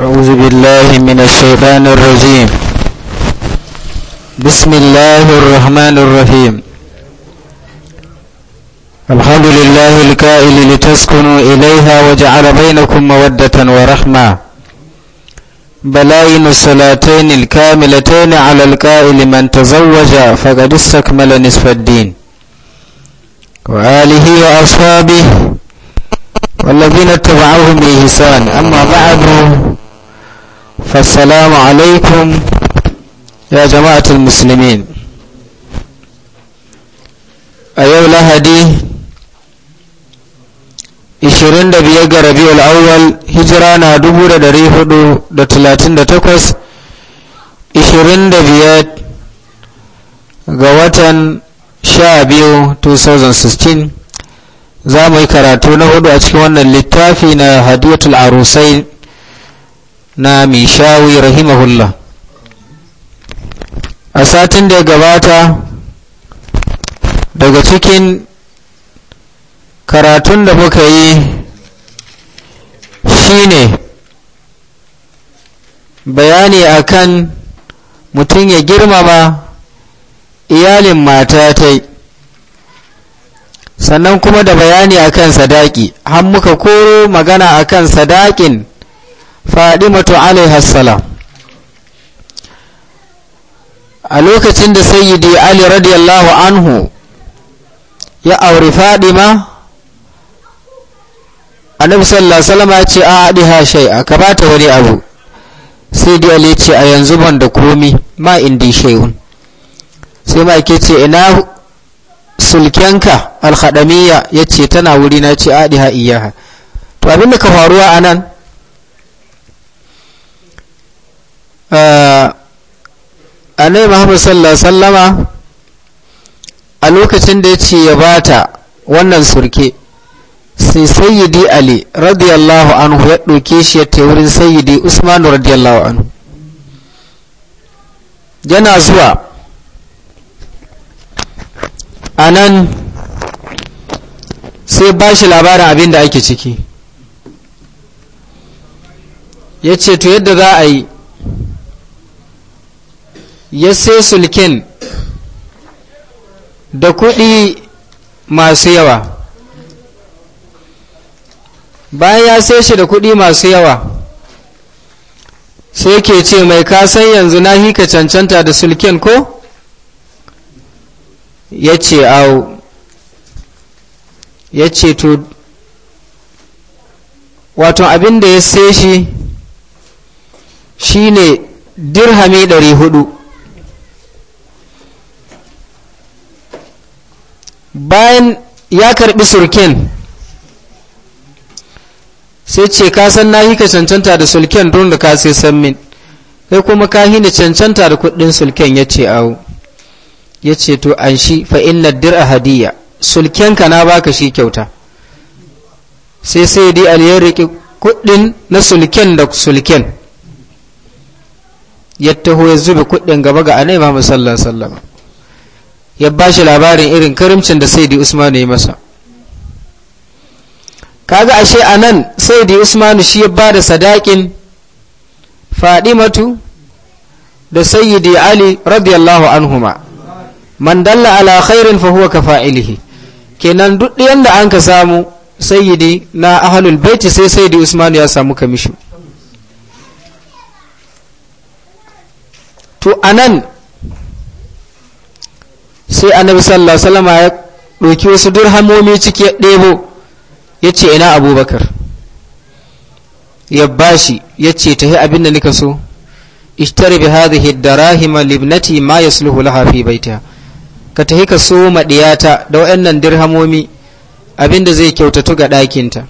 أعوذ بالله من الشيطان الرجيم بسم الله الرحمن الرحيم الحمد لله الكائل لتسكنوا إليها وجعل بينكم مودة ورحمة بلائن الصلاتين الكاملتين على الكائل من تزوج فقد استكمل نصف الدين وآله وأصحابه والذين اتبعوهم بإحسان أما بعد فالسلام عليكم يا جماعة المسلمين أيو لهدي ishirin da biyar ga rabiul awwal hijira na dubu da dari hudu da talatin da takwas ishirin da biyar ga watan sha biyu 2016 za mu yi karatu na huɗu a cikin wannan littafi na hadiyatul arusai na mishawi rahimahullah a satin da ya gabata daga cikin karatun da muka yi shine bayani akan mutum ya girmama iyalin mata ta sannan kuma da bayani akan sadaki har muka koro magana akan sadakin fadimatu alaiha salam a lokacin da sayyidi ali radiyallahu anhu ya auri fadima a sallallahu alaihi ce a adiha a ka ta wani abu sai dai ali ce a yanzu ban da komi ma indi shay'un sai ma ke ce ina sulkenka ya ce tana wuri na ce adiha iyaha to abin da ka faruwa a nan. Eh, annabi muhammad sallallahu sallama a lokacin da ya ce ya bata wannan surke sai sayyidi ali radiyallahu anhu ya ɗauke shi ya wurin sayyidi usmanu radiyallahu anhu yana zuwa a nan sai ba shi labarin abin da ake ciki ya ce to yadda za a yi ya sai sulken da kuɗi masu yawa bayan ya sai shi da kuɗi masu yawa sai ke ce mai kasan yanzu na hika cancanta da sulken ko ya ce au ya ce to wato abin da ya sai shi shine dirhami 400 bayan ya karbi surken sai ce ka san na ka cancanta da sulken don da ka sai san min kai kuma ka hina cancanta da kudin sulken ya ce awo ya ce to an shi fa inna a hadiya ka na baka shi kyauta sai sai dai aliyar riƙi kudin na sulken da sulken ya taho ya zube kudin gaba ga anai ba sallallahu sallama ya ba shi labarin irin karimcin da saidi usmanu ya masa kaga ashe a nan saidi usmanu shi ya ba da sadakin fadimatu da sayyidi ali radiyallahu anhuma man dalla ala khairin fa huwa kafa'ilihi kenan duk da an ka samu sayyidi na ahlul baiti sai sayyidi usmanu ya samu kamishin to anan sai annabi sallallahu alaihi ya ɗauki wasu durhamomi ciki ya ɗebo ya ce ina abubakar ya bashi ya ce tafi abin da nika so ishtari bi hadhihi darahima libnati ma yasluhu laha fi baitiha ka tafi ka so madiyata da wayannan dirhamomi da zai kyautatu ga ɗakinta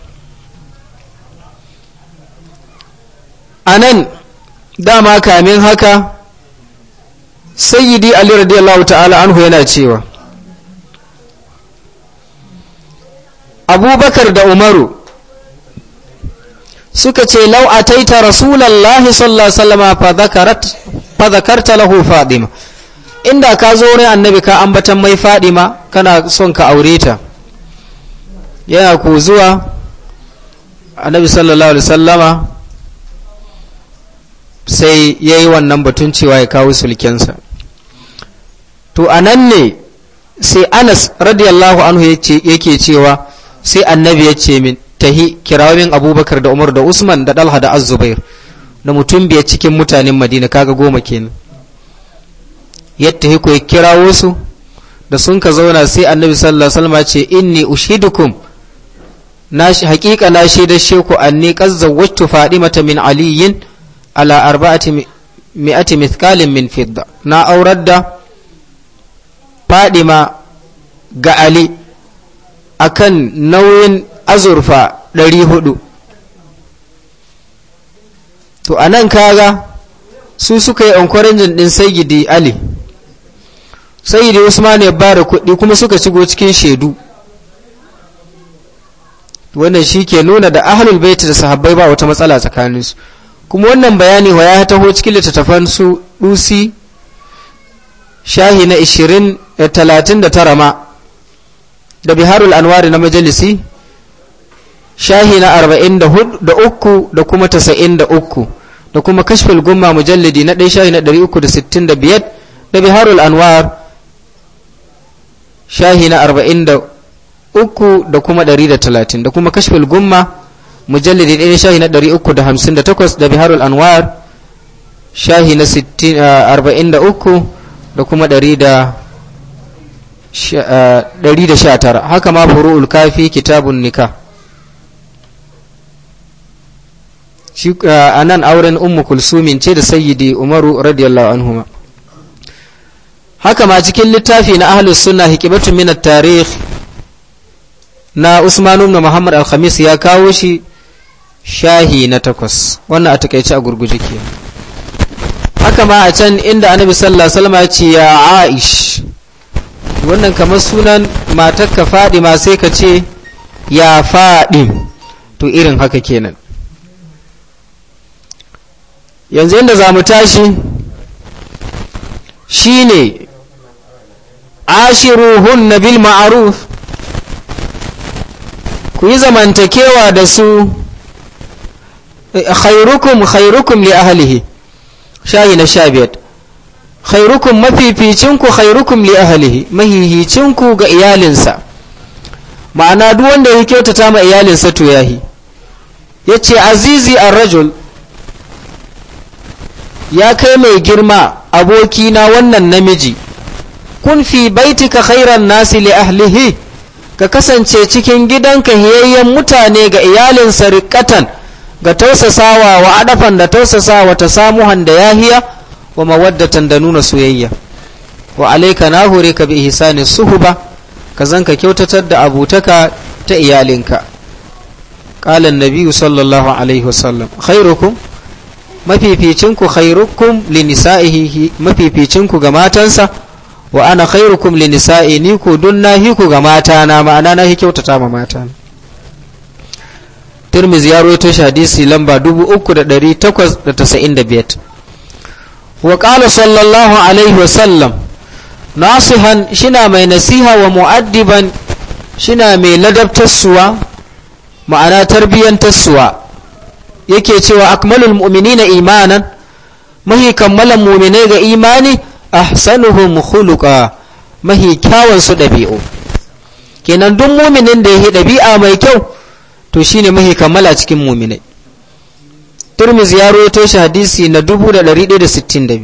anan dama kamin haka sayyidi ali radiyallahu ta'ala anhu yana cewa abubakar da umaru suka ce lau ataita rasulallahi sallallahu sallama fa zakarta lahu fadima inda ka zo wurin annabi ka ambatan mai fadima kana son ka aure ta yana ku zuwa annabi sallallahu alaihi sallama sai ya yi wannan batun cewa ya kawo sulkensa to a nan ne sai anas radiyallahu anhu yake cewa sai annabi ya ce min tahi kirawo abubakar da umar da usman da dalha da azubair da mutum biya cikin mutanen madina kaga goma kenan yadda ko ya kirawo su da sun ka zauna sai annabi sallallahu alaihi wasallam ce inni ushidukum na shi hakika na shaidar sheku anni qazzawtu fadimata min aliyin ala arba'ati mi'ati mithqalin min fidda na aurar da fadima ga ali a kan nauyin azurfa 400 to a nan kaga su suka yi encouraging din sayyidi ali sayyidi usman ya ba kuɗi kuma suka shigo cikin shaidu wannan shi ke nuna da ahalul baiti da sahabbai ba wata matsala tsakaninsu kuma wannan bayani wa ya taho cikin littattafan su dusi shahi na ishirin. Eh, talatin da tara ma da biharul anwari na majalisi shahi na arba'in da uku da kuma tasa'in da uku da kuma kashfil gumma mujallidi na ɗaya shahi na ɗari uku da sittin da biyar da biharul anwar shahi na arba'in da uku da kuma ɗari da talatin da kuma kashfil gumma mujallidi ɗaya shahi na ɗari uku da hamsin da takwas da biharul anwar shahi na eh, arba'in da uku da kuma ɗari da 119 eh, haka ma furu'ul kafi kitabun nika shi eh, a nan auren ummu kulsumin ce da sayyidi umaru radiyallahu anhuma haka ma cikin littafi na ahlus sunna hikibatu min at-tarikh na Usman ibn Muhammad al-Khamis ya kawo shi shahi na takwas wannan a takaice a gurguje ke haka ma a can inda Annabi sallallahu alaihi wasallam ya ce ya Aish wannan kamar sunan matakka ma sai ka ce ya faɗi to irin haka kenan yanzu yadda za mu tashi shi ne ashiruhun na bil ma'aruf ku yi zamantakewa da su khairukum khairukum li ahalihi shayi na sha biyar khairukum mafificinku khairukum li ahlihi mahihicinku ga iyalinsa ma'ana duk wanda ya kyautata ma iyalinsa to yahi yace azizi ar-rajul ya kai mai girma abokina wannan namiji kun fi baitika khairan nasi li ahlihi ka kasance cikin gidanka hiyayyen mutane ga iyalinsa riƙatan ga tausasawa wa adafan da tausasawa ta samu handa yahiya wa mawaddatan da nuna soyayya wa alaika na ka bi ihsani suhuba ka zanka kyautatar da abutaka ta iyalinka qala an-nabi sallallahu alaihi wasallam khairukum mafificinku khairukum li nisa'ihi mafificinku ga matansa wa ana khairukum li nisa'i ni ku dunna nahi ku ga mata na ma'ana nahi kyautata ma mata Tirmidhi ya rawaito hadisi lamba 3895 wa ƙala sallallahu alaihi wasallam nasihan shina mai nasiha wa mu'addiban shina mai ladabtarsuwa ma'ana tarbiyyantarsuwa yake cewa akmalul mu'minina imanan mahi kammalan mu'minai ga imani ahsanuhum khuluqa mahi kyawun su ɗabi'u kenan duk muminin da ya yi ɗabi'a mai kyau to shine mahi kammala cikin muminai turmiz ya rawaito hadisi na 1162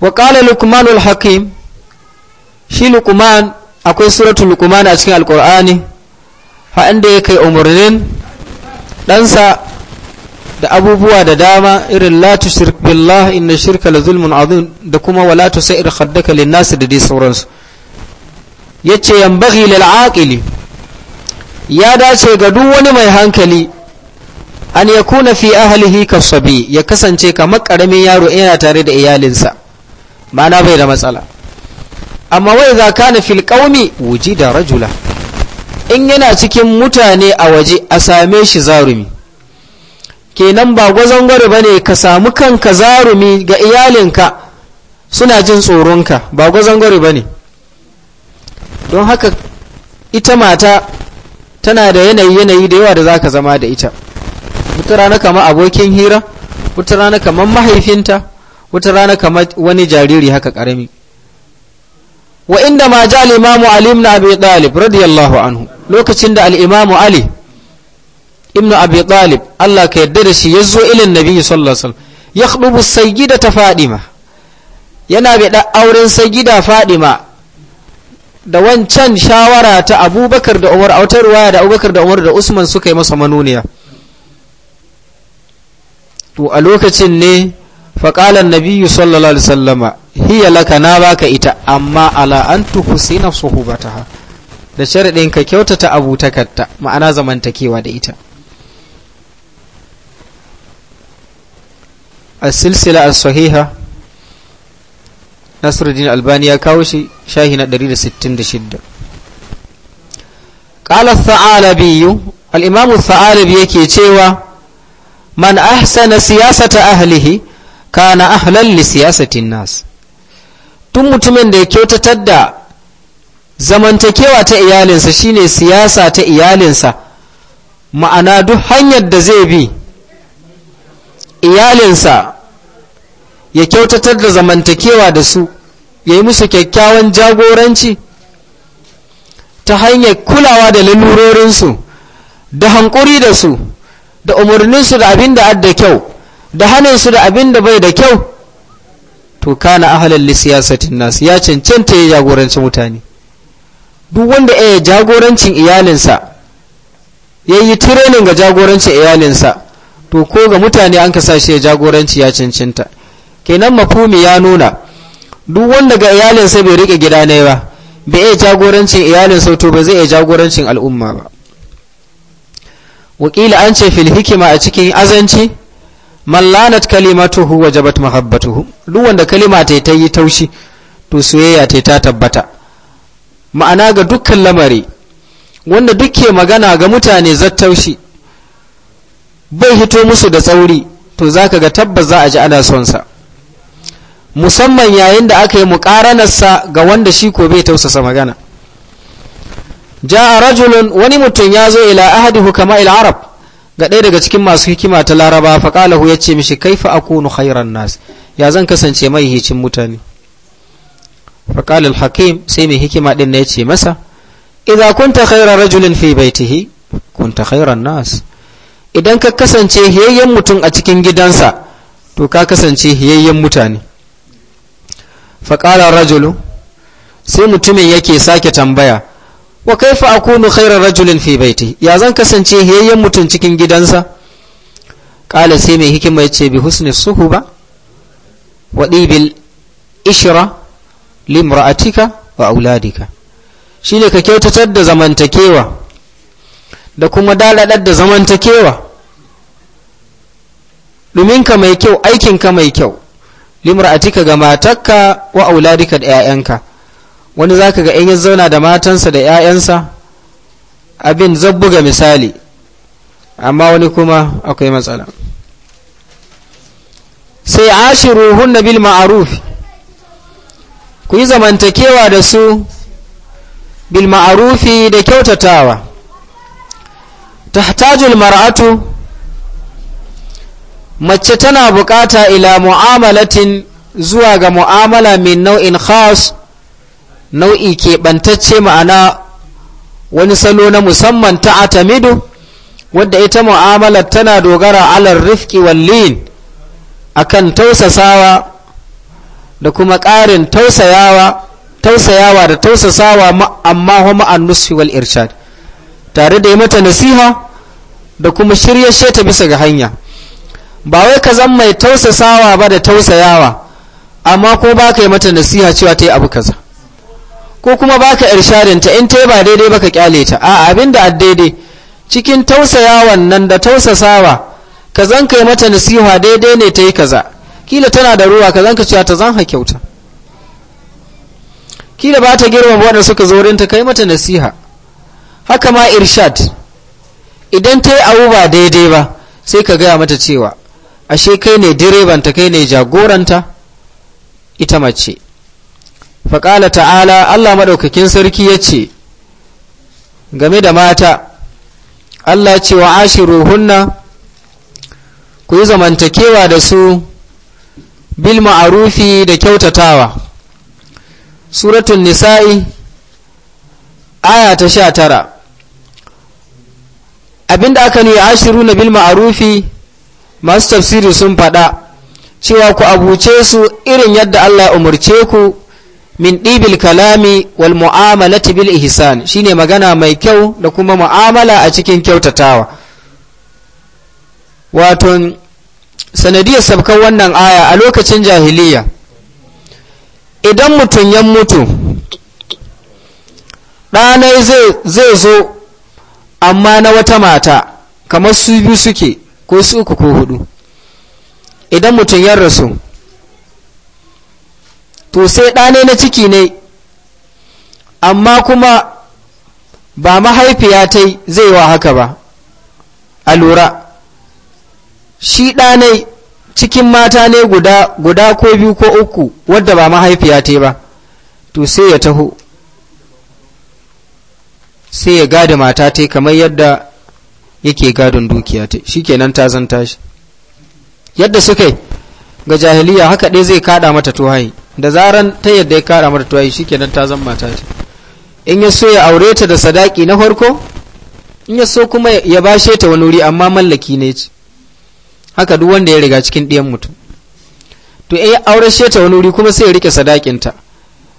wa qala luqman al-hakim shi lukman akwai suratul luqman a cikin alqur'ani fa inda ya kai umarnin. ɗansa da abubuwa da dama irin la tushrik billah inna shirka la da kuma wala tusair khaddaka lin nas da dai sauransu yace yambaghi lil aqili ya dace ga duk wani mai hankali an ya kuna fi ahalihi sabi ya kasance kamar ƙaramin yaro yana tare da iyalinsa mana bai da matsala amma wai za ka na fil kaumi wuji da rajula in yana cikin mutane a waje a same shi zarumi kenan ba gwazon gwari ba ne ka samu kanka zarumi ga iyalinka suna jin tsoronka ba gwazon gwari ba ne don haka ita mata tana da yanayi yanayi da yawa da za ka zama da ita wata rana kamar abokin hira wata rana kamar mahaifinta wata rana kamar wani jariri haka karami wa inda ma ja al-imamu ali ibn abi talib radiyallahu anhu lokacin da al-imamu ali ibn abi talib Allah ka yarda da shi yazo ilin nabi sallallahu alaihi wasallam yakhdubu sayyidata fadima yana bi da auren sayyida fadima da wancan shawara ta abubakar da umar a wata ruwaya da abubakar da umar da usman suka yi masa manuniya to a lokacin ne faƙalar nabiyu sallallahu alaihi sallama hiyya laka na baka ita amma ala an tuku ta su da sharaɗin ka kyautata abutakarta ma'ana zamantakewa da ita a silsila a sahiha nasiruddin albani ya kawo shi shahi na 166 ƙalar tsa'alabi yiwu al'imamu biyu yake cewa man ahsana siyasata ahlihi kana ahlan li siyasatin nas tun mutumin da ya kyautatar da zamantakewa ta iyalinsa shine siyasa ta iyalinsa ma'ana duk hanyar da zai bi iyalinsa ya kyautatar da zamantakewa da su ya yi musu kyakkyawan jagoranci ta hanyar kulawa da lalurorinsu da hankuri da su da umarninsu da abin da adda kyau da haninsu da abin da bai da kyau to kana ahalan siyasatin nasu ya cancanta ya jagorancin mutane duk wanda ya jagorancin iyalinsa ya yi tirenin ga jagorancin iyalinsa to ko ga mutane an kasashe shi ya jagoranci ya cancanta kenan mafumi ya nuna duk wanda ga iyalinsa bai rike gida ne ba bai iya jagorancin iyalinsa to ba zai iya jagorancin al'umma ba wakila an ce fil hikima a cikin azanci mallanat kalimatuhu wajabat mahabbatuhu duk wanda kalima ta ta yi taushi to soyayya ta ta tabbata ma'ana ga dukkan lamari wanda duke magana ga mutane taushi bai hito musu da tsauri to zaka ga tabbas za a ji ana son sa musamman yayin da aka yi muƙaranarsa ga wanda shi ko bai tausasa magana ja'a rajulun wani mutum ya zo ila ahadi hukama ila arab ga ɗaya daga cikin masu hikima ta laraba faƙalahu ya ce mishi kaifa akunu khairan nas ya zan kasance mai hicin mutane al hakim sai mai hikima din ne yace ce masa idan kunta khairar rajulin fi baitihi kunta khairan nas idan ka kasance hiyayyen mutum a cikin gidansa to ka kasance hiyayyen mutane faƙalar rajulu sai mutumin yake sake tambaya wa kaifa akunu khairar rajulin fi baiti ya zan kasance hiyayyen mutum cikin gidansa ƙala sai mai hikima ya ce bi husni suhuba wa ɗibil ishira limra'atika wa auladika shi ka kyautatar da zamantakewa da kuma dalaɗar da zamantakewa ɗuminka mai kyau aikinka mai kyau limra'atika ga matakka wa auladika da 'ya'yanka wani za ka ga in ya zauna da matansa da 'ya'yansa abin zabbuga misali amma wani kuma akwai matsala sai ashiruhunna bil ma'aruf ku yi zamantakewa da su bil ma'arufi da kyautatawa tahtajul mar'atu mace tana bukata ila mu'amalatin zuwa ga mu'amala min nau'in khas nau'i keɓantacce ma'ana wani salo na musamman ta atamidu wadda ita mu'amalar tana dogara alar rifki wallin akan tausasawa da kuma ƙarin tausayawa tausayawa da tausasawa amma homa an nusfi wal irshad tare da yi mata nasiha da kuma shirye ta bisa ga hanya ba wai ka zan mai tausasawa ba da tausayawa amma ko ba ka yi mata nasiha cewa ta yi abu kaza ko kuma baka irshadinta in ta ba daidai baka kyale ta a abinda a daidai cikin tausayawan nan da tausasawa ka zan kai mata nasiha daidai ne ta yi kaza kila tana da ruwa ka zan ka cewa ta zan ha kyauta kila ba ta girma da suka zo ta yi mata nasiha haka ma irshad idan ta yi abu ba daidai ba sai ka gaya mata cewa ashe kai ne direbanta kai ne jagoranta ita mace faƙala ta'ala Allah maɗaukakin sarki ya ce game da mata Allah ce wa hunna ku yi zamantakewa da su bil ma'arufi da kyautatawa suratun nisa'i aya ta sha tara abinda aka ne ashiru na bil ma'arufi masu tafsiri sun faɗa cewa ku abuce su irin yadda Allah umarce ku min ɗibil kalami wal mu'amalati bil ihsan shine magana mai kyau da kuma mu'amala a cikin kyautatawa wato sanadiyar sabkan wannan aya a lokacin jahiliya idan mutum ya mutu ɗanai zai zo amma na wata mata kamar su biyu suke ko su uku ko hudu idan mutum ya rasu to sai ɗane na ciki ne amma kuma ba mahaifiya ta zai wa haka ba a lura shi ɗane cikin mata ne guda guda ko biyu ko uku wadda ba mahaifiya ta ba to sai ya taho sai ya gada mata ta kamar yadda yake gadon dukiya ta shi shikenan ta zanta shi yadda suka yi ga jahiliya haka ɗaya zai kada mata tuhai da zaran ta yadda ya kara mata tuwayi shikenan ta zama mata ce in ya so ya aure ta da sadaki na farko in ya so kuma ya bashe ta wani wuri amma mallaki ne ce haka duk wanda ya riga cikin ɗiyan mutum to in ya aure ta wani wuri kuma sai ya rike ta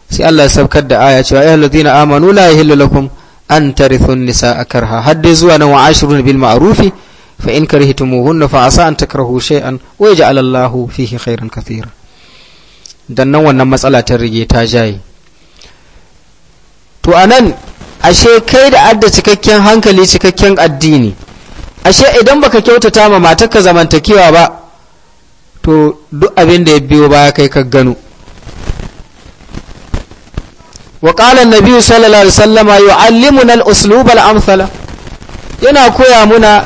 sai Allah ya saukar da aya cewa ayyuhal ladina amanu la yahillu lakum an tarithun nisaa karha har dai zuwa nan wa ashrun bil ma'ruf fa in karihtumuhunna fa asa an takrahu shay'an wa yaj'al Allahu fihi khairan kathira dan nan wannan matsala ta rige ta jaye to anan ashe kai da adda cikakken hankali cikakken addini ashe idan baka kyautata ma ka zamantakewa ba to duk abin da ya biyo baya kai ka gano wa qala an-nabi sallallahu alaihi wasallam yu'allimuna al-uslub al-amthala yana koya muna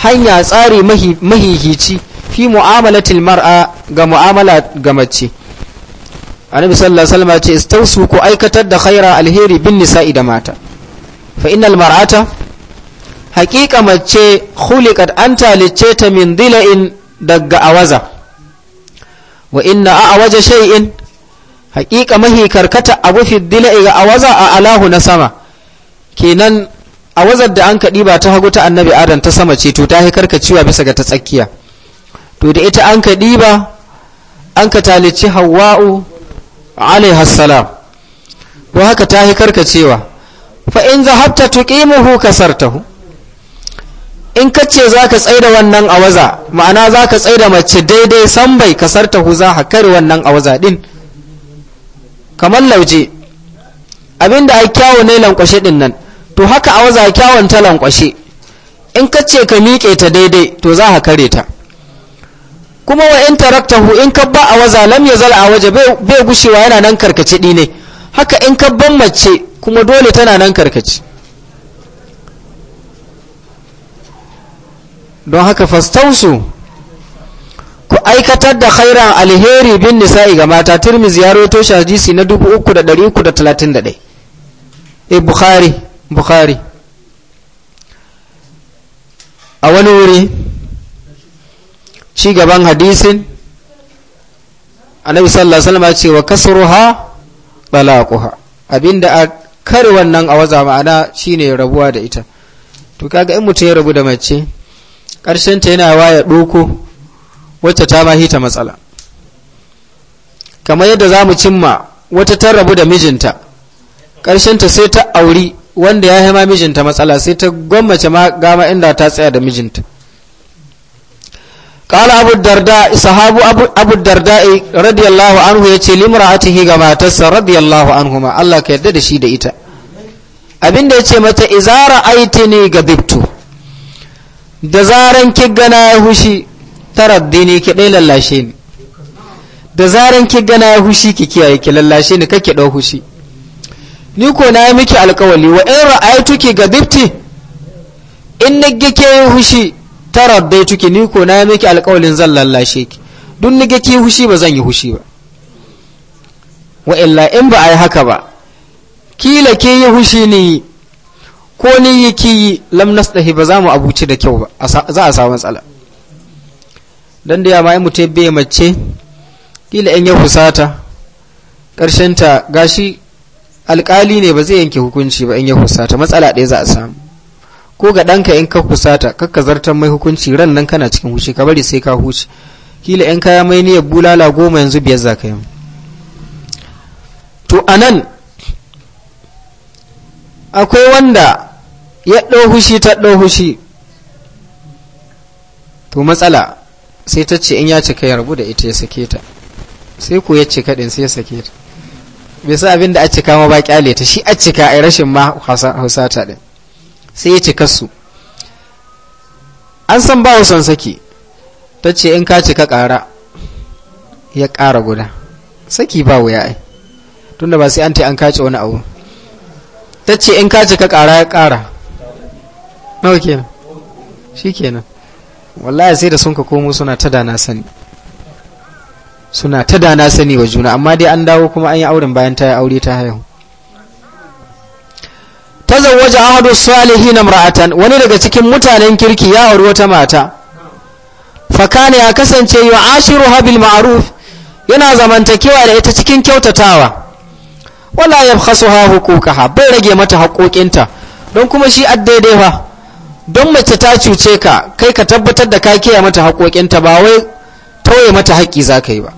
hanya tsari mahihici fi mu'amalatil mar'a ga mu'amala ga mace annabi sallallahu alaihi wasallam ce istausu ku aikatar da khaira alheri bin nisa'i da mata fa innal mar'ata haqiqa mace khuliqat an talice min dhila'in daga awaza wa inna awaja shay'in haqiqa mahi karkata abu fi dhila'i ga awaza a alahu na sama kenan awazar da an kadi ba ta hagu ta annabi adam ta sama ce to ta hi karkacewa bisa ga ta tsakiya to da ita an kadi ba an ka talici hawa'u alaihi ko haka ta yi karkacewa fa in zahabta tuqimuhu kasartahu in ka ce za ka tsaida wannan a waza ma'ana za ka tsaida mace daidai san bai hu za ka kare wannan a waza din kamar lauje abinda a kyawo ne lankwashe din nan to haka awaza kyawon ta lankwashe in ka ce ka miƙe ta daidai to za ka kare ta kuma wa in taraktahu in kabba a waza lam yazal a waje bai gushewa yana nan karkace ne haka in kabban mace kuma dole tana nan karkace don haka fastausu ku aikatar da khairan alheri bin nisa'i ga mata tirmizi ya roto shi hadisi na 3331 e eh, bukhari bukhari a wani wuri ci gaban hadisin annabi sallallahu alaihi wasallam ce wa kasruha talaquha abinda a kare wannan a waza ma'ana shine rabuwa da ita to kaga in mutum ya rabu da mace karshen ta yana waya doko wacce ta mahi ta matsala kamar yadda za mu cimma wata ta rabu da mijinta karshen ta sai ta auri wanda ya haima mijinta matsala sai ta gwammace ma gama inda ta tsaya da mijinta قال أبو الدرداء صحاب أبو, أبو الدرداء رضي الله عنه يتي لمرأته كما تس رضي الله عنهما الله كيدد شي da ita abin da yace mata ne ga gadibtu da zaran ki gana ya hushi taraddini ki dai lallashe ni da zaran ki gana ya hushi ki kiyaye ki lallashe ni kake dau hushi ni ko na yi miki alƙawali wa in ga bifti in nigge ke hushi dai tuki ni ko na miki alƙawalin zan lallashe ki duk ni ga ki hushi ba zan yi hushi ba wa illa in ba a yi haka ba kila ke yi hushi ni ko ni yi ki yi lam nastahi ba za mu abuci da kyau ba za a samu matsala dan da mai mutai bai mace kila in ya husata ta gashi alƙali ne ba zai yanke hukunci ba in ya husata matsala ɗaya za a samu ko ga ɗanka in ka kusata kakka zartar mai hukunci ran nan kana cikin hushi ka bari sai ka huce kila in kaya mai niyyar bulala goma yanzu biyar za ka yi to a nan akwai wanda ya ɗau hushi ta ɗau hushi to matsala sai ta ce in ya cika ya rabu da ita ya sake ta sai ko ya cika ɗin sai ya sake ta bai sa abin da a cika ma ba kyale ta shi a cika a rashin ma hausa ta ɗin sai ya cika su an san bawa son saki ta ce in ka cika ƙara ya ƙara guda saki ba wuya ai tunda ba sai an ta an kace wani abu ta ce in ka cika ƙara ya ƙara nawa kenan shi kenan wallahi sai da sun ka komo suna ta da na sani suna ta da na sani wa juna amma dai an dawo kuma an yi auren bayan ta yi aure ta haihu tazawwaja ahadu salihin imra'atan wani daga cikin mutanen kirki ya auri wata mata fakane ya kasance yu'ashiruha bil ma'ruf yana zamantakewa da ita cikin kyautatawa wala yabkhasuha huquqaha bai rage mata haƙoƙinta don kuma shi addaidai fa don mace ta cuce ka kai ka tabbatar da ka kiyaye mata haƙoƙinta ba wai tauye mata haƙƙi za yi ba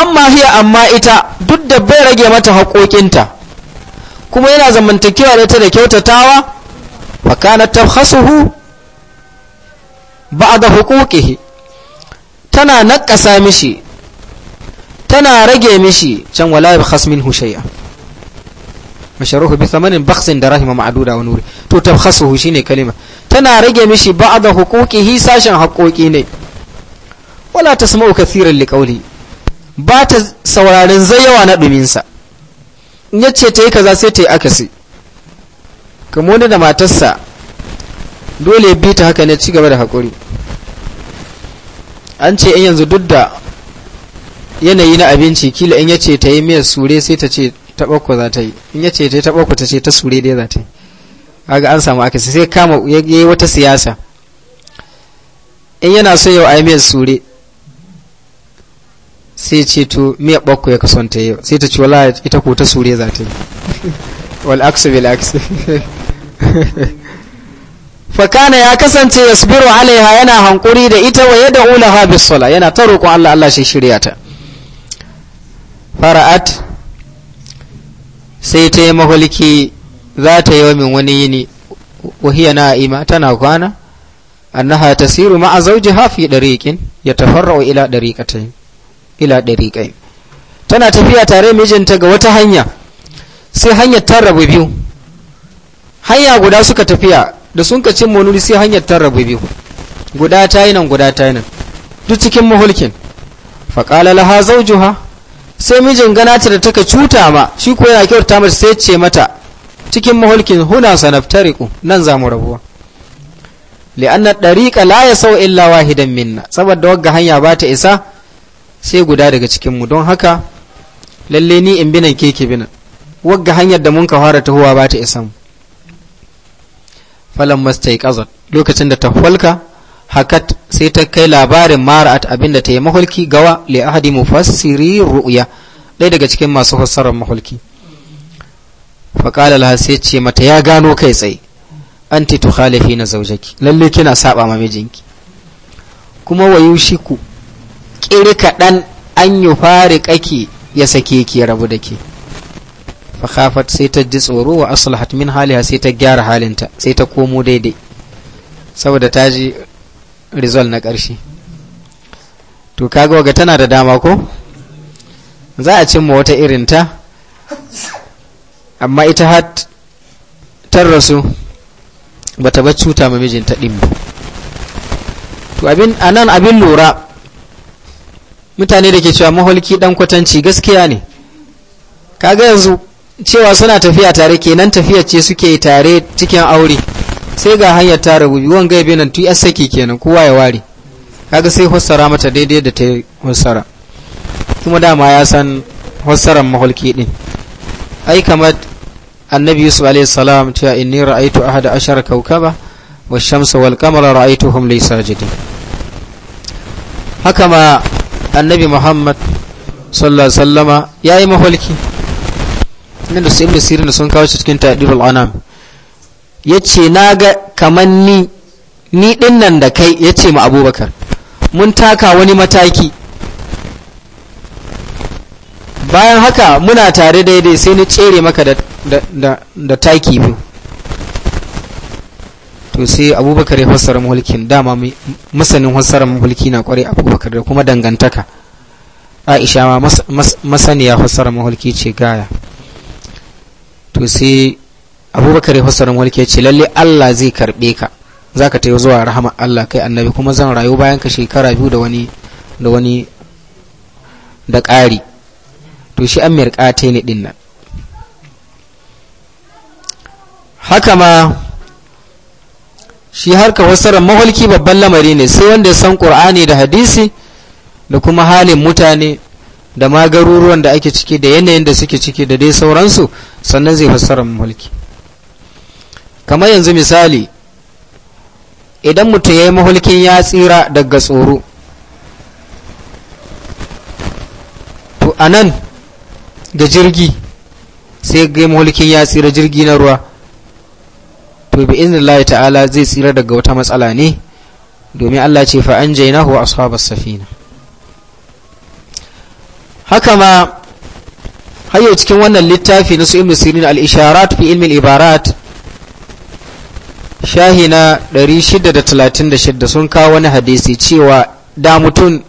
amma hiya amma ita duk da bai rage mata haƙoƙinta kuma yana zamantakewa da ta da kyautatawa ba kana tabhasuhu ba'da huquqihi tana nakasa mishi tana rage mishi can wala yabkhas minhu shay'a masharuhu bi thamanin bakhsin da rahima ma'duda wa nuri to tabhasuhu shine kalima tana rage mishi ba'da huquqihi sashin haƙoƙi ne wala tasma'u kathiran liqawli ba ta saurarin yawa na ɗuminsa in ya ce ta yi kaza sai ta yi akasi kamo wanda da matarsa dole bi ta haka ne ci gaba da haƙuri an ce in yanzu duk da yanayi na abinci kila in ya ce ta yi miyar sure sai ta ce taɓakwa za ta yi in ya ce ta yi taɓakwa ta ce ta sure dai za ta yi kaga an samu akasi sai kama ya yi wata siyasa in yana so yau a yi miyar sure sai ce to miya bakko ya kasanta yau sai ta ce wala ita ko ta sure za ta yi wal aksu bil aksu fakana ya kasance yasbiru alaiha yana hankuri da ita wa yada ulaha bis sala yana ta roƙon Allah Allah shi shirya ta fara'at sai ta yi mahulki za ta yi min wani yini wahiya ima tana kwana annaha tasiru ma'a zawjiha fi dariqin yatafarra'u ila dariqatayn ila ƙai tana tafiya tare mijinta ga wata hanya sai hanyar ta rabu biyu hanya guda suka tafiya da sun ka cin monuri sai hanyar ta rabu biyu guda ta yi nan guda ta yi nan duk cikin mahulkin faƙala laha zaujuha sai mijin gana ta da taka cuta ma shi ko yana kyauta mata sai ce mata cikin mahulkin huna sanaftariku nan za mu rabuwa li'anna dariqa la yasau illa wahidan minna saboda wagga hanya ba ta isa sai guda daga cikinmu don haka lalle ni in binan keke binan wagga hanyar da mun ka fara tahowa ba ta isa mu falan masta yi kazat lokacin da ta falka hakat sai ta kai labarin mara abin da ta yi mahulki gawa li ahadi mufassiri ru'ya ɗaya daga cikin masu fassarar mahulki faƙalar sai ce mata ya gano kai tsaye an tito khalifi na zaujaki lalle kina saba ma mijinki kuma ku. Kiri kaɗan an yi fari ƙaki ya sake ki rabu da ke fakafat sai ta ji tsoro wa aslahat min haliha sai ta gyara halinta sai ta komo daidai saboda ta ji rizal na ƙarshe to kaga waga tana da dama ko za a cimma wata irinta amma ita hat tar rasu ba ta bar cuta ma mijinta ɗin ba to abin anan abin lura mutane da ke cewa maholki dan kwatanci gaskiya ne kaga yanzu cewa suna tafiya tare kenan tafiya ce suke tare cikin aure sai ga hanyar ta rabu biyu gaibe nan tu yar saki kenan kowa ya ware kaga sai hussara mata daidai da ta hussara kuma dama ya san hussaran maholki din ai kamar annabi yusuf alaihi salam cewa inni ra'aitu ahada ashara ba wa shamsa wal qamara ra'aituhum li sajidin haka ma annabi muhammad sallallahu sallama ya yi maholki nan da su ibn sirin sun kawo cikin ta'dirul anam ya ce na ga kamar ni ni din nan da kai ya ce ma abubakar mun taka wani mataki bayan haka muna tare daidai sai ni tsere maka da taki biyu to sai abubakar ya fassara mulkin dama masanin fassara mulki na kwarai abubakar da kuma dangantaka aisha ma masaniya fassara mulki ce gaya to sai abubakar ya fassara mulki ce lalle Allah zai karbe ka zaka tayi zuwa rahama Allah kai annabi kuma zan rayu bayan ka shekara biyu da wani da wani da ƙari to shi an ta ne dinnan haka ma shi harka wasarar maholki babban lamari ne sai wanda ya san ƙur'ani da hadisi da kuma halin mutane da ma garuruwan da ake ciki da yanayin da suke ciki da dai sauransu sannan zai fassara maholki kamar yanzu misali idan mutum ya yi maholkin ya tsira daga tsoro to anan ga jirgi sai ga maholkin ya tsira jirgi na ruwa to bi Allah ta'ala zai tsira daga wata matsala ne domin Allah ce fa anjaynahu wa ashabas safina haka ma hayo cikin wannan littafi na su imsirin sirin al-isharat fi ilmi al-ibarat shahina 636 sun kawo wani hadisi cewa da mutum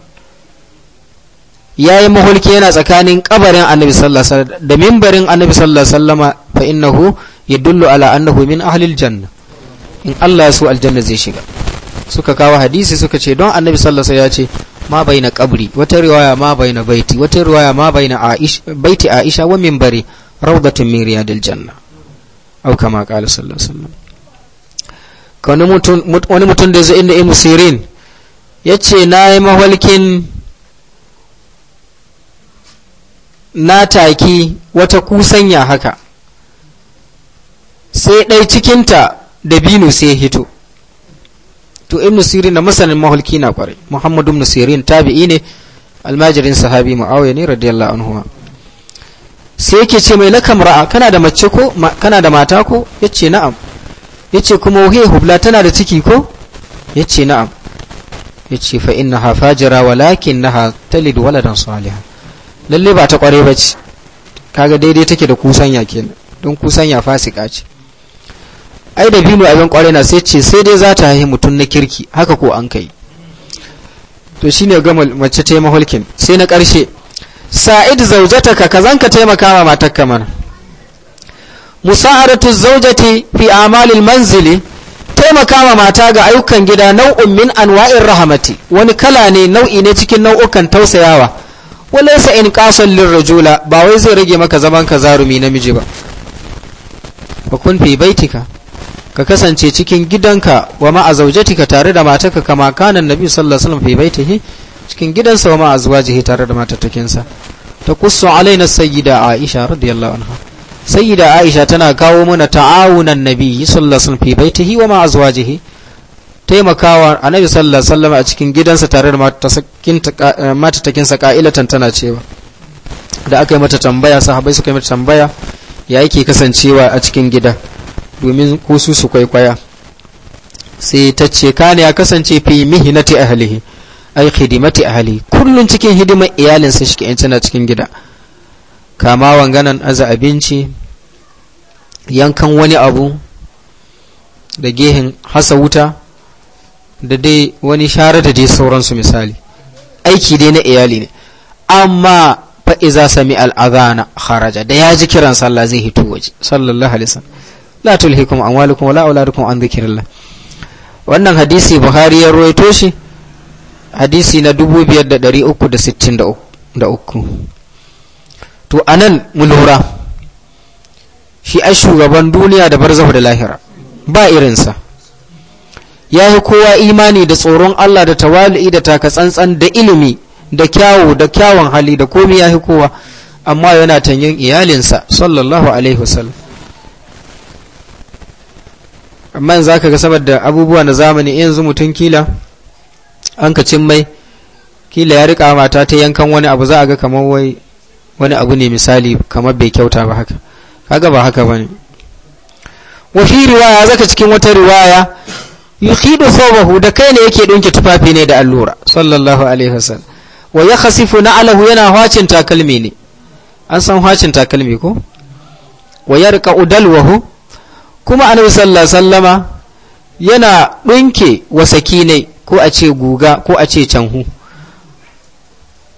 ya yi mahulki yana tsakanin kabarin annabi sallallahu da mimbarin annabi sallallahu alaihi wasallama fa yadullu ala annahu min ahlil janna in Allah ya so aljanna zai shiga suka kawo hadisi suka ce don annabi sallallahu alaihi wasallam ya ce ma baina qabri wata riwaya ma baina baiti wata riwaya ma baina aisha baiti aisha wa minbari rawdatun min riyadil janna au kama qala sallallahu alaihi wasallam wani mutum wani mutum da zai inda ibn sirin yace nayi mahalkin na taki wata kusanya haka sai ɗai cikinta da binu sai hito to ibn sirin na masanin mahulki na kwarai muhammadu ibn sirin tabi'i ne almajirin sahabi mu'awiya ne radiyallahu anhu sai yake ce mai lakam ra'a kana da mace ko kana da mata ko yace na'am yace kuma wahe hubla tana da ciki ko yace na'am yace fa innaha fajira tali talid waladan salihan lalle ba ta kware bace kaga daidai take da kusanya kenan don kusanya fasika ce ai da bino abin kwarai na sai ce sai dai za ta yi mutum na kirki haka ko an kai to shine ga mace ta mahulkin sai na karshe sa'id zaujataka ka taimaka ma ka mana musa'adatu zaujati fi amalil manzili taimaka ma mata ga ayyukan gida nau'un min anwa'in rahamati wani kala ne nau'i ne cikin nau'ukan tausayawa walaysa in qasal lirrajula ba wai zai rage maka zaman ka zarumi namiji ba fa kun fi baitika ka kasance cikin gidanka wa ma'a ka tare da matarka kama kanan nabi sallallahu alaihi wasallam fi baitihi cikin gidansa wa ma'a azwajihi tare da matattakinsa ta kusu alaina sayyida aisha radiyallahu anha sayyida aisha tana kawo mana ta'awunan nabi sallallahu alaihi wasallam fi baitihi wa ma'a azwajihi taimakawa annabi sallallahu alaihi wasallam a cikin gidansa tare da matattakinsa ka'ilatan tana cewa da aka yi mata tambaya sahabbai suka yi mata tambaya ya yake kasancewa a cikin gida domin ko su su kwaikwaya sai ta ce ne ya kasance fi mihinati ahlihi ai khidimati ahli kullun cikin hidimar iyalinsa shi ke tana cikin gida kama wanganan aza abinci yankan wani abu da gehen hasa wuta da dai wani share da dai sauransu misali aiki dai na iyali ne amma fa'iza sami na kharaja da ya ji kiran sallah zai hito waje sallallahu alaihi wasallam la tulhikum amwalukum wala auladukum an dhikrillah wannan hadisi Buhari ya ruwaito shi hadisi na 5363 to anan mu lura shi ai shugaban duniya da barzahu da lahira ba irinsa ya yi kowa imani da tsoron Allah da tawali'i da takatsantsan da ilimi da kyawu da kyawun hali da komai ya yi kowa amma yana tanyen iyalinsa sallallahu alaihi wasallam amma za aka ga saboda abubuwa na zamani yanzu mutum kila an ka cin mai kila ya rika mata ta yankan wani abu za a ga kamar wai wani abu ne misali kamar bai kyauta ba haka kaga ba haka bane wa fi riwaya zaka cikin wata riwaya yukhidu thawbahu da kai ne yake dinki tufafi ne da allura sallallahu alaihi wasallam wa yakhsifu alahu yana hwacin takalmi ne an san hwacin takalmi ko wa yarqa udalwahu kuma annabi sallallahu yana ɗunke wasaki ne ko a ce guga ko a ce canhu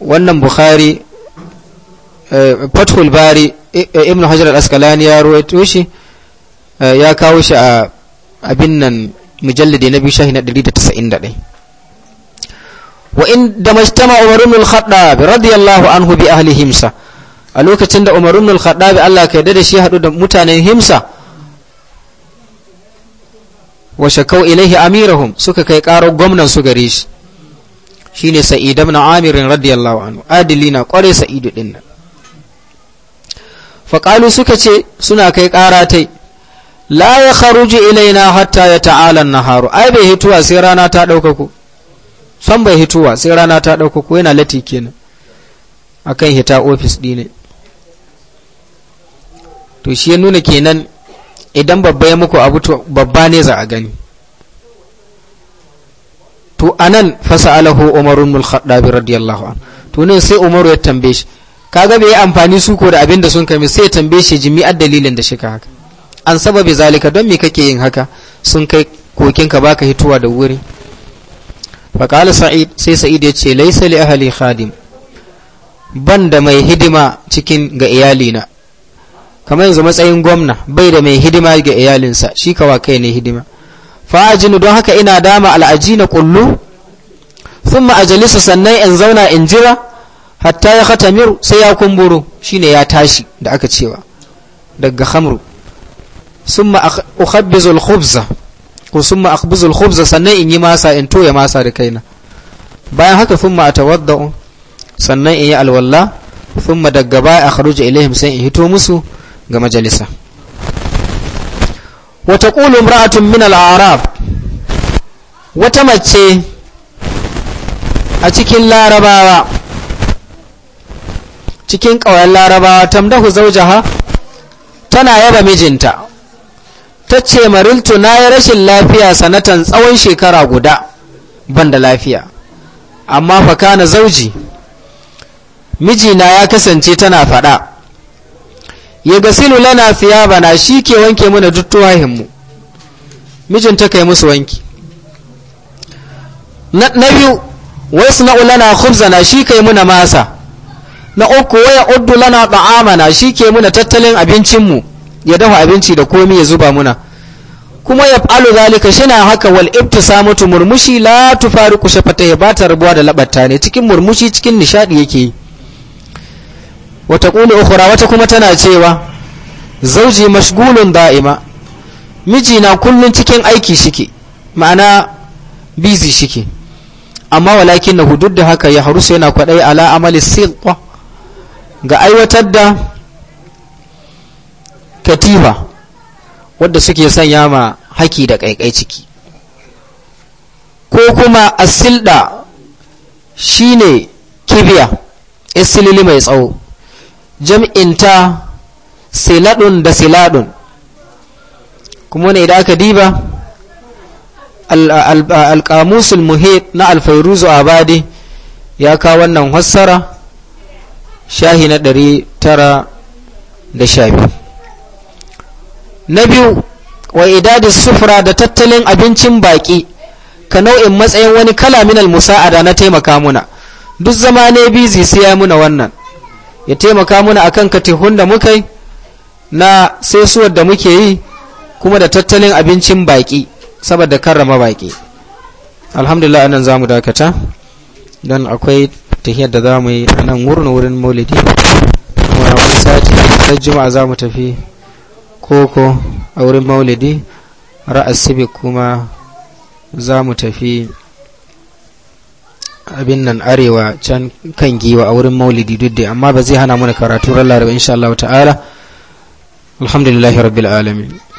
wannan bukhari eh, fathul bari eh, eh, ibn hajar al-asqalani ya rawaito shi ya kawo shi a abin nan mujallidi na biyu shahi na 191 wa in da majtama umar ibn al radiyallahu anhu bi ahli himsa a lokacin da umar ibn al-khattab Allah ka yarda da shi hadu da mutanen himsa wa shakau ilaihi amirahum suka kai karo gwamnan su gare shi shine sa'id ibn amir radiyallahu anhu adili na kware sa'id din nan qalu suka ce suna kai karatai tai la ya kharuji ilaina hatta ya ta'ala naharu ai bai hituwa sai rana ta ɗaukaku san bai hituwa sai rana ta ɗaukaku yana lati kenan akan hita ofis ɗi to shi ya nuna kenan idan babba ya muku abu to babba ne za a gani to anan fasa Umar ibn al radiyallahu an to nan sai umaru ya tambaye shi kaga bai amfani su ko da abin da sun kai sai ya tambaye shi jimi'ar dalilin da shika haka an sababi zalika don me kake yin haka sun kai kokin ka baka hituwa da wuri qala sa'id sai sa'id ya ce laysa li ahli khadim ban da mai hidima cikin ga iyalina kamar yanzu matsayin gwamna bai da mai hidima ga iyalinsa shi kawa kai ne hidima fa'ajinu don haka ina dama al'ajina kullu sun ma'ajalisa sannan in zauna in jira hatta ya khatamiru sai ya shi shine ya tashi da aka cewa daga hamru sun ukhabbizul khubza ko summa akhbizul khubza sannan in yi masa in toya masa da kaina bayan haka thumma atawadda sannan in yi alwalla ma daga baya akhruju ilaihim sai in hito musu ga majalisa wata ƙulun ra'atun min al'arab wata mace a cikin larabawa cikin ƙauyen larabawa tamdahu zaujaha tana yaba mijinta ta ce marintu na yi rashin lafiya sanatan tsawon shekara guda ban da lafiya amma fakana zauji mijina ya kasance tana fada. ya gasilu lana na shi ke wanke duttuwa himmu mijin mijinta kai musu wanki na biyu wai su na lana na shi kai muna masa na uku waya uddu lana na shi ke muna tattalin abincinmu ya dafa abinci da komi ya zuba muna kuma ya fa'alu zalika na haka wal ibtisamatu murmushi la tufariqu shafatahi ba ta rabuwa da labarta ne cikin murmushi cikin nishadi yake yi wata ƙuli ukura wata kuma tana cewa zauji mashgulun da'ima miji na kullum cikin aiki shike ma'ana busy shike amma walakin na hudud da haka ya harusa yana kwaɗayi ala amali ga aiwatar da katiba wadda suke sanya ma haki da ƙaiƙai ciki ko kuma asilda shine kibiya isilili mai tsawo jam'inta siladun da siladun kuma ne da aka diba alƙamusul muhit na alfairuzu abadi ya kawo wannan hassara shahi na ɗari tara da shafi na biyu wa idadin sufura da tattalin abincin baƙi ka nau'in matsayin wani kalamin musa'ada na taimaka muna duk zama ne bizi sai ya muna wannan ya taimaka muna akan katihun da muka yi na saisuwar da muke yi kuma da tattalin abincin baki saboda karrama baki. alhamdulillah anan za dakata don akwai tahiyar da za mu yi a nan wurin wurin maulidi kuma wani sati ta juma'a za mu tafi koko a wurin maulidi ra'as kuma za mu tafi abin nan arewa can kan giwa a wurin maulidi duk da amma ba zai hana muna karatu ran laraba insha Allah ta'ala alhamdulillahi rabbil alamin